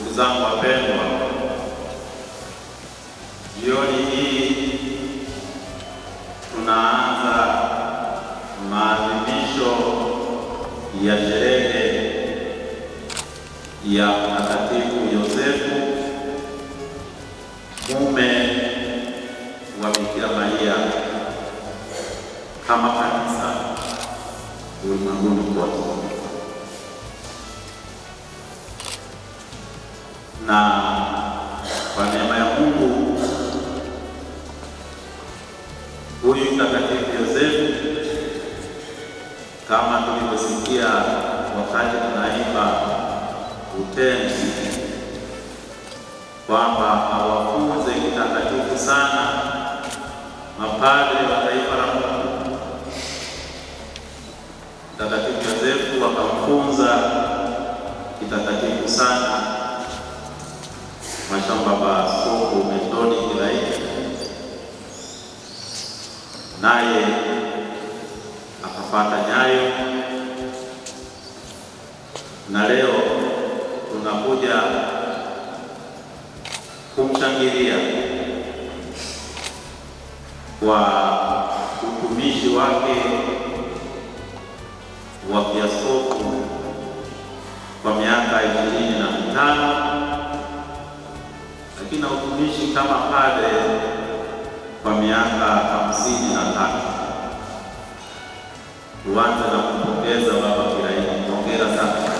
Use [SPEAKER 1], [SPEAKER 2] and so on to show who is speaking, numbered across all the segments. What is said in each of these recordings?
[SPEAKER 1] Ndugu zangu wapendwa, jioni hii tunaanza maadhimisho ya sherehe ya Mtakatifu Yosefu mume wa Bikira Maria kama kanisa ulimwenguni kote. na kwa neema ya Mungu huyu mtakatifu Yosefu, kama tulivyosikia wakati tunaimba utenzi, kwamba awafunze kitakatifu sana mapadre wa taifa la Mungu. Mtakatifu Yosefu wakamfunza kitakatifu sana mashamba Maaskofu Methodi Kilaini, naye akapata nyayo, na leo tunakuja kumshangilia kwa utumishi wake wa kiaskofu kwa miaka ishirini na mitano lakini na utumishi kama pale kwa miaka hamsini na tatu. Kuanza na kumpongeza baba Kilaini, hongera sana.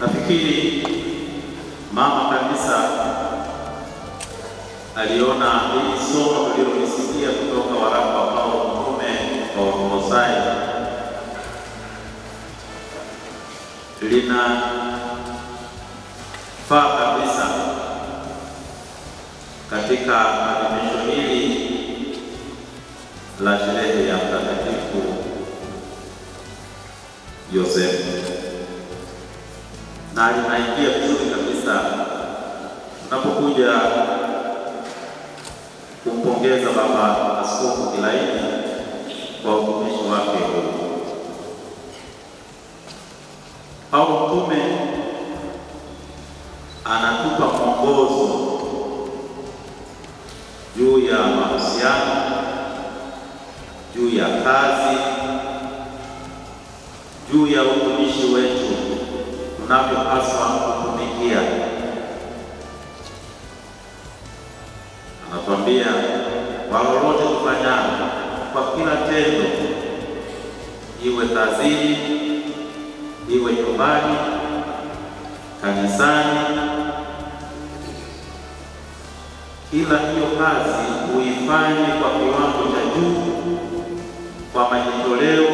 [SPEAKER 1] Nafikiri mama kanisa aliona hili somo tulilolisikia kutoka waraka kwa Wakolosai linafaa kabisa katika adhimisho hili la sherehe ya Mtakatifu Yosefu, na linaingia vizuri kabisa unapokuja kumpongeza Baba Askofu Kilaini wa utumishi wake huu au mtume kila hiyo kazi uifanye kwa kiwango cha juu, kwa majitoleo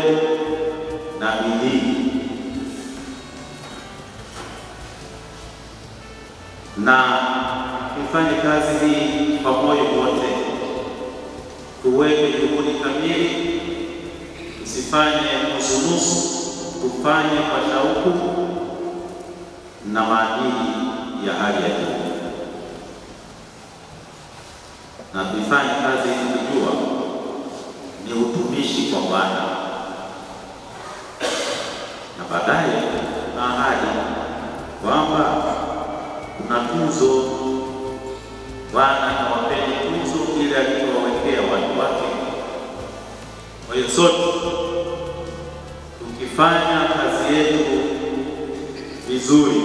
[SPEAKER 1] na bidii, na ifanye kazi hii kwa moyo wote, tuweke juhudi kamili, tusifanye nusunusu, tufanye kwa shauku na maadili ya hali ya juu. na kuifanya kazi hii kujua ni utumishi kwa Bwana, na baadaye na ahadi kwamba kuna tuzo. Bwana hawapeni tuzo ile alivyowawekea watu wake. Kwa hiyo sote tukifanya kazi yetu vizuri,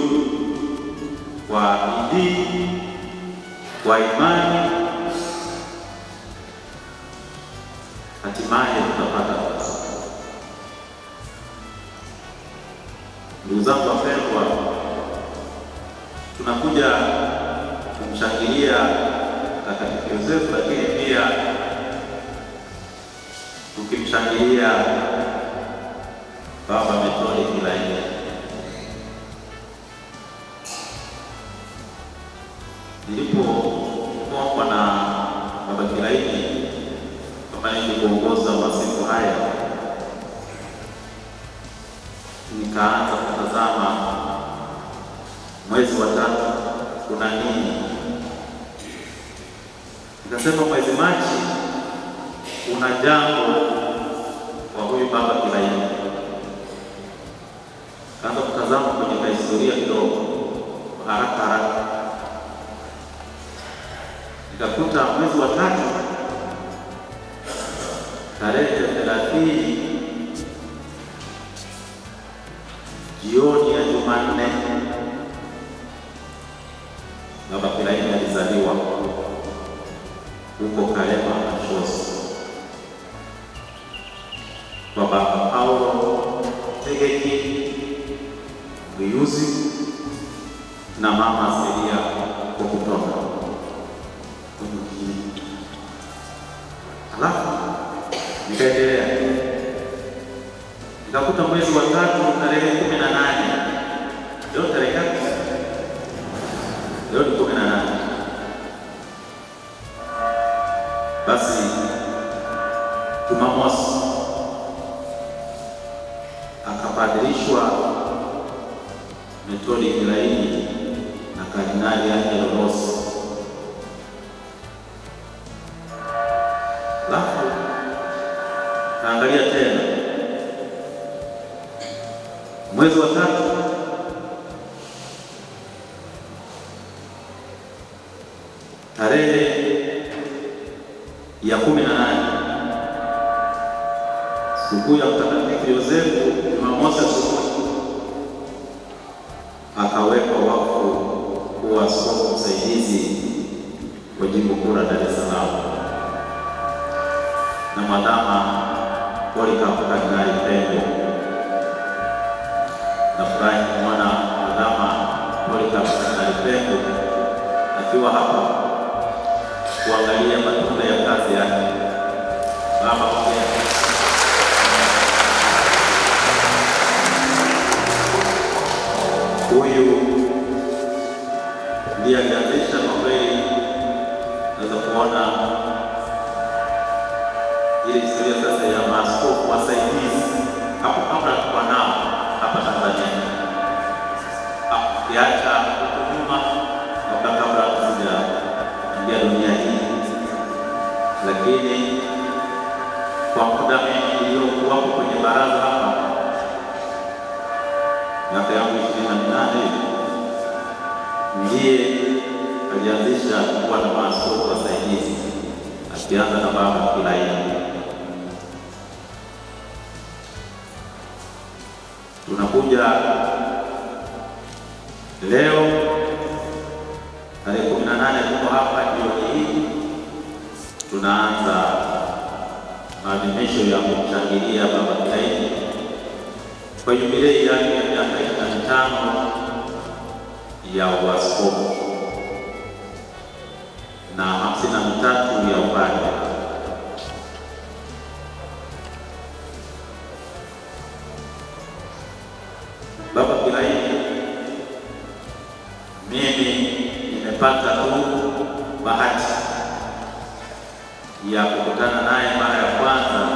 [SPEAKER 1] kwa bidii, kwa imani hatimaye tutapata kufufuka. Ndugu zangu wapendwa, tunakuja kumshangilia Mtakatifu Yosefu, lakini pia tukimshangilia Baba Methode Kilaini. Nilipo tunaanza kutazama mwezi wa tatu kuna nini. Nikasema mwezi Machi kuna jambo kwa huyu baba Kilaini. Kaanza kutazama kwenye kahistoria kidogo haraka haraka, nikakuta mwezi wa tatu tarehe thelathini Jumanne naona Pilaini alizaliwa huko Karema Mashozi kwa Baba Paulo Tegeki Muyuzi na Mama Seria kwa kutoka Halafu nikaendelea nikakuta mwezi wa tatu tarehe kumi na nane Leo tarehe ngapi? Leo tuko na nani? Basi Jumamosi akapadilishwa Methodi Kilaini na Kardinali Angelo Rossi tarehe ya kumi na nane sikukuu ya Mtakatifu Yosefu, Jumamosi asubuhi akawekwa wakfu kuwa askofu msaidizi wa jimbo kuu la Dar es Salaam na Mwadhama Polycarp Kardinali Pengo. Nafurahi kumwona Mwadhama Polycarp Kardinali Pengo akiwa hapa kuangalia matunda ya kazi yake. Mama ongea. Huyu ndiye lakini kwa muda uliokuwapo kwenye baraza hapa miaka yangu ishirini na minane ndiye alianzisha kuwa na maaskofu wasaidizi akianza na Baba Kilaini. Tunakuja leo tarehe kumi na nane tuko hapa tunaanza maadhimisho ya kumshangilia baba taifa kwa jubilei yake ya miaka ishirini na tano ya uaskofu na hamsini na mitatu ya upadre. Baba Kilaini, mimi nimepata tu bahati ya kukutana naye mara ya kwanza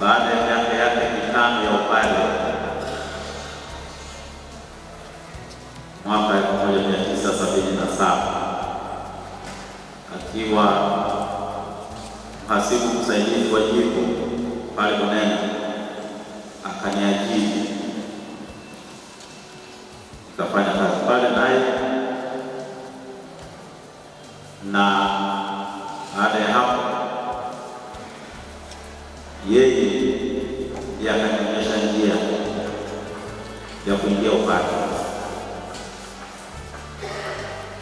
[SPEAKER 1] baada ya miaka yake mitano ya upale mwaka 1977 akiwa mhasibu msaidizi wa jimbo pale Munene, akaniajiri nikafanya yeye ndiye akanionyesha njia ya kuingia upate.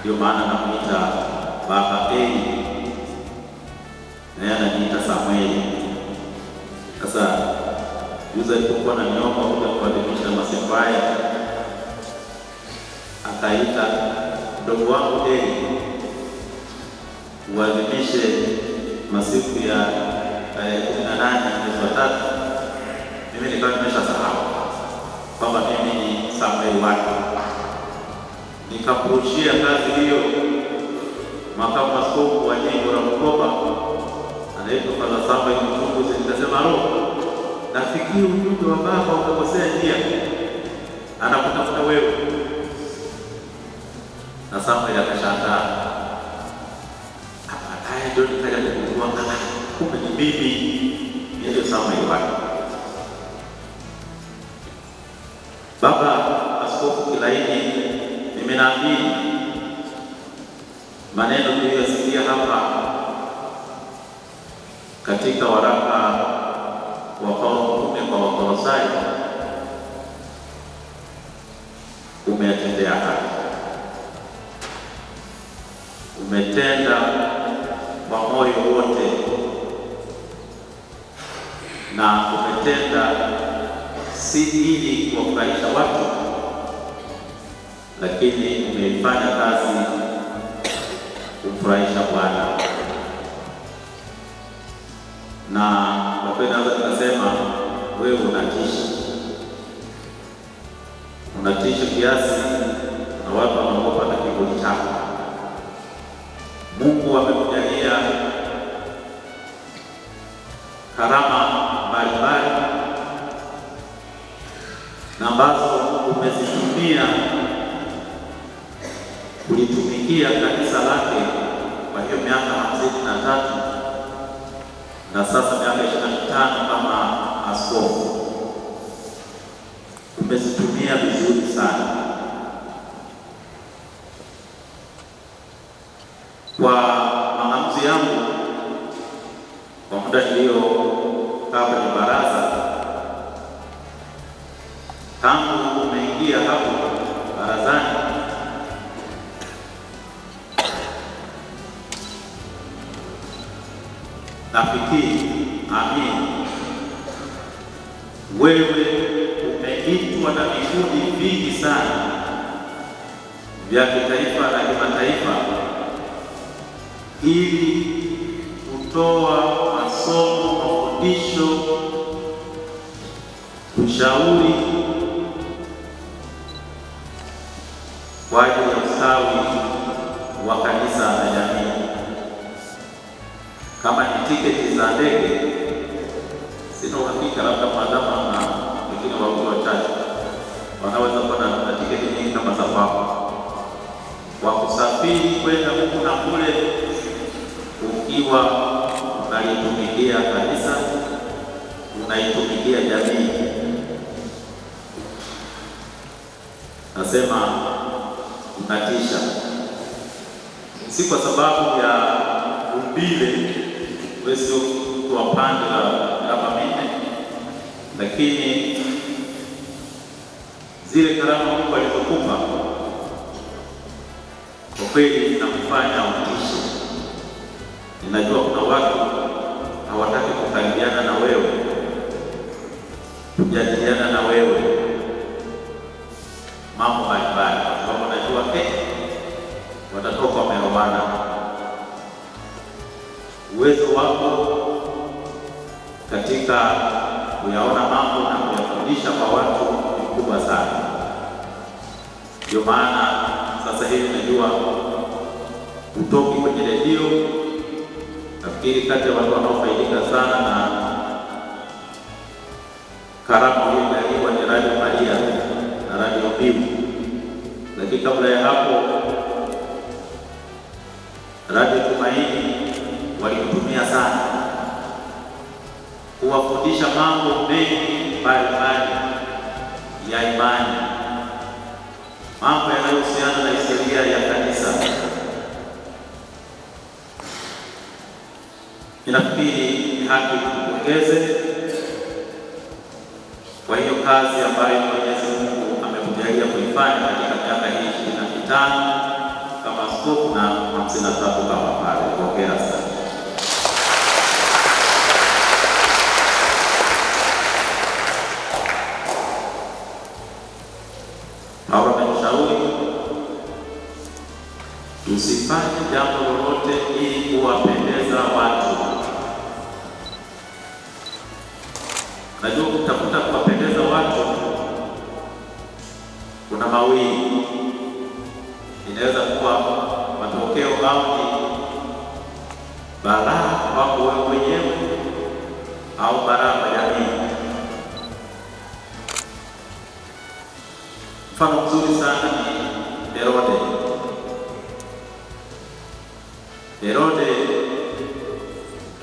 [SPEAKER 1] Ndio maana namuita baba Eli, naye ananiita samweli Sasa juzi alipokuwa na nyoma kuja kuadhimisha Masefaya, akaita mdogo wangu Eli uadhimishe masiku ya tarehe kumi na nane mwezi wa tatu, mimi nilikuwa nimeshasahau kwamba mimi ni Samuel wake Nikapurushia kazi hiyo makamu askofu wa jimbo la Bukoba anaitwa Padre Samuel Mchunguzi, nikasema roho, nafikiri ujumbe wa baba ukakosea njia, anakutafuta wewe. Na Samuel akashangaa, baadaye ndio nikaja kugundua Bibi Yesu Samuel Wai, Baba Askofu Kilaini, nimenabii maneno tuliyosikia hapa katika waraka wa Paulo Mtume kwa Wakolosai, umeatendea haki, umetenda kwa moyo wote na umetenda si ili kuwafurahisha watu, lakini umeifanya kazi kumfurahisha Bwana. Na kwa kweli naweza wewe unatisha, unatisha kiasi na watu wanaogopa na kiburi chako. Mungu amekujalia karama kulitumikia kanisa lake kwa hiyo miaka hamsini na tatu na sasa miaka ishirini na tano kama askofu. Tumezitumia vizuri sana kwa maamuzi yangu kwa muda kaa kwenye baraza. Tangu umeingia hapo barazani rafiki. Amin. Wewe umeitwa na vikundi vingi sana vya kitaifa na kimataifa ili kutoa masomo, mafundisho, ushauri kwa ajili ya ustawi tiketi za ndege sina uhakika, labda maandama na wengine wauzi wachache wanaweza kuwa na tiketi nyingi kama za kwako, kwa kusafiri kwenda huku na kule, ukiwa unaitumikia kanisa, unaitumikia jamii. Nasema unatisha, si kwa sababu ya umbile wewe sio mtu wa pande la karama nne, lakini zile karama Mungu alizokupa kwa kweli zinakufanya utishe. Ninajua kuna watu hawataki kukaribiana na wewe, kujadiliana na wewe mambo mbalimbali, kwa sababu najua eh, watatoka wamerobana uwezo wako katika kuyaona mambo na kuyafundisha kwa watu ni sana. Ndio maana sasa hivi najua utoki kwenye redio, nafikiri kati ya watu wanaofaidika sana na karamu hii ni Radio Maria na Radio Mbiu, lakini kabla ya hapo radio kutumia sana, kuwafundisha mambo mengi mbalimbali ya imani, mambo yanayohusiana na historia ya kanisa. inafikiri ni haki kumpongeze kwa hiyo kazi ambayo Mwenyezi Mungu amekujalia kuifanya katika miaka hii ishirini na mitano kama askofu na hamsini na tatu kama pale. Hongera sana. Msifanye jambo lolote ili kuwapendeza watu. Najua kutafuta kuwapendeza watu kuna mawili, inaweza kuwa matokeo au ni baraka kwako wewe mwenyewe au baraka kwa jamii. Mfano mzuri sana ni Herode. Herode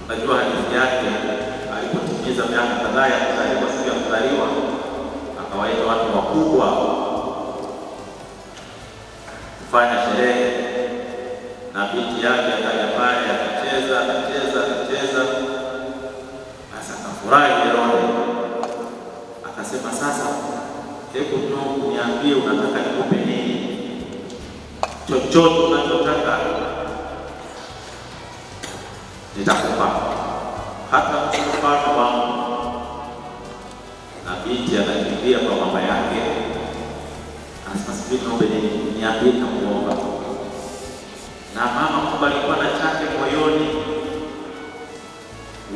[SPEAKER 1] najua hadithi yake, alipotimiza miaka kadhaa ya kuzaliwa, siku ya kuzaliwa, akawaita watu wakubwa kufanya sherehe, na binti yake akaja pale, akacheza akacheza akacheza. Sasa akafurahi Herode, akasema sasa, hebu niambie, unataka nikupe nini? Chochote unachotaka nitakupata hata mfano wangu. Na binti anakimbia kwa mama yake, anasema sijui niombe niambie nitamuomba. Na mama kumbe alikuwa na chake moyoni,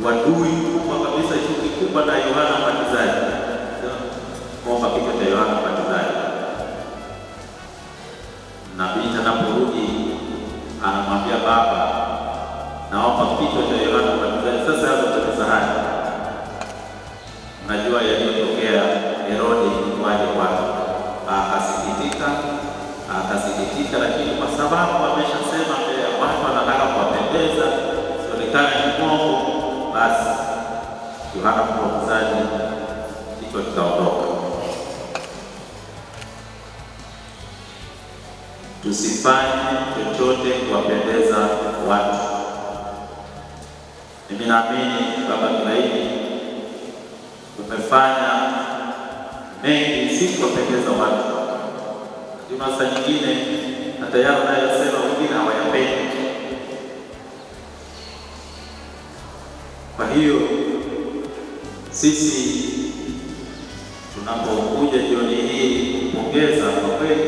[SPEAKER 1] wadui kubwa kabisa, chuki kubwa na Yohana Mbatizaji, kuomba kichwa cha Yohana Mbatizaji. Na binti anaporudi anamwambia baba Naomba kichwa cha Yohana Mbatizaji sasa hapo cha sahani. Najua yaliyotokea Herode waje wake, akasikitika, akasikitika, lakini kwa sababu ameshasema mbele ya watu anataka kuwapendeza, sionekana ni basi Yohana Mbatizaji kichwa kikaondoka Tusifanye chochote kuwapendeza watu. Mimi naamini Baba Tumaini umefanya mengi, si kuwapendeza watu, lakini saa nyingine hata yale unayosema wengine hawayapendi. Kwa hiyo sisi tunapokuja jioni hii kumpongeza kwa kweli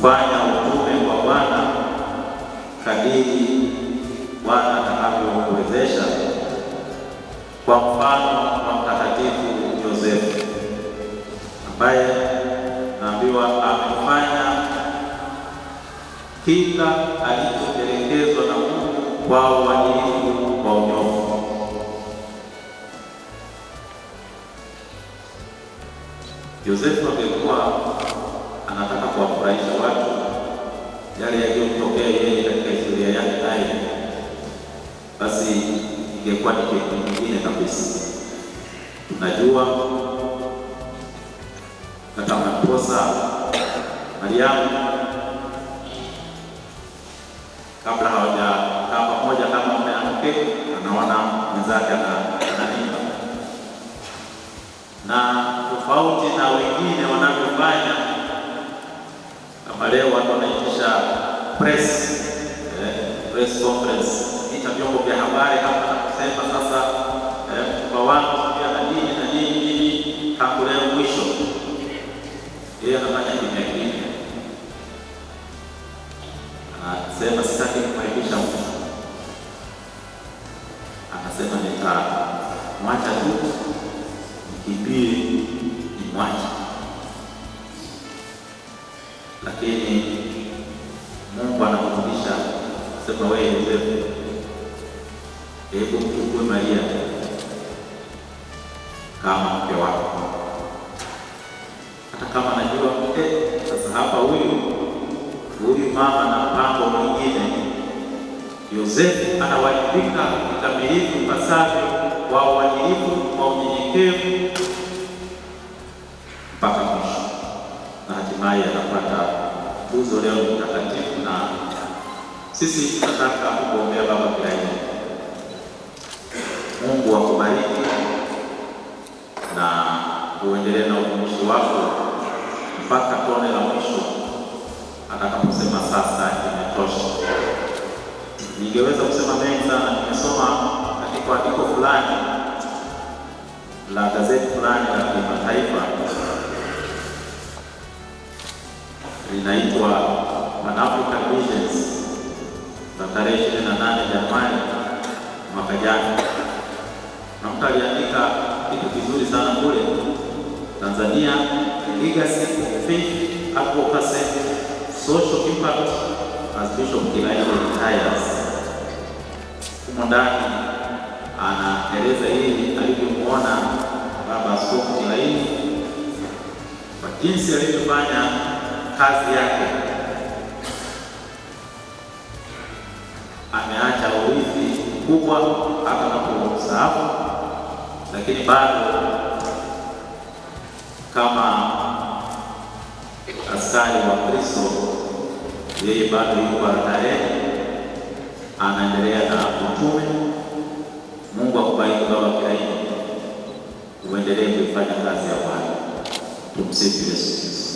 [SPEAKER 1] kufanya utume kwa Bwana kadiri Bwana atakavyowezesha, kwa mfano wa Mtakatifu Yosefu ambaye naambiwa amefanya kila alichopelekezwa na Mungu kwa uadilifu kwa unyofu. Yosefu angekuwa anataka yale yaliyomtokea yeye katika historia yake hai, basi ingekuwa ni kitu kingine kabisa. Tunajua hata makosa Mariamu kabla hawajakaa pamoja kama mume na mke, anaona mwenzake ananipa, na tofauti na wengine wanavyofanya kama leo watu wanaitisha press eh, press conference, ita vyombo vya habari hapa na kusema sasa mtumba eh, wangu pia na nini na nini, tangu leo mwisho yeye anafanya lakini Mungu anamfundisha sema, wewe Yosefu, hebu mchukue Maria kama mke wako, hata kama najua eh, sasa hapa huyu huyu mama na mpango mwingine. Yosefu anawajibika kikamilifu pasavyo, wa uadilifu, wa unyenyekevu Tuzo leo ni mtakatifu, na sisi tunataka kukuombea Baba kila Mungu akubariki na uendelee na utumishi wako mpaka tone la mwisho atakaposema sasa imetosha. Ningeweza kusema mengi sana. Nimesoma katika andiko fulani la gazeti fulani la kimataifa linaitwa Pan African Visions za tarehe 28 Januari mwaka jana, na mtu aliandika kitu kizuri sana kule Tanzania, legacy of faith advocacy social impact as Bishop Kilaini retires. Humo ndani anaeleza hili alivyomuona Baba Askofu Kilaini kwa jinsi alivyofanya kazi yake, ameacha urithi mkubwa hata anapostaafu, lakini bado kama askari wa Kristo, yeye bado yuko baradayeni, anaendelea na utume. Mungu akubariki baba Kaini, uendelee kuifanya kazi ya Bwana. Tumsifu Yesu Kristo.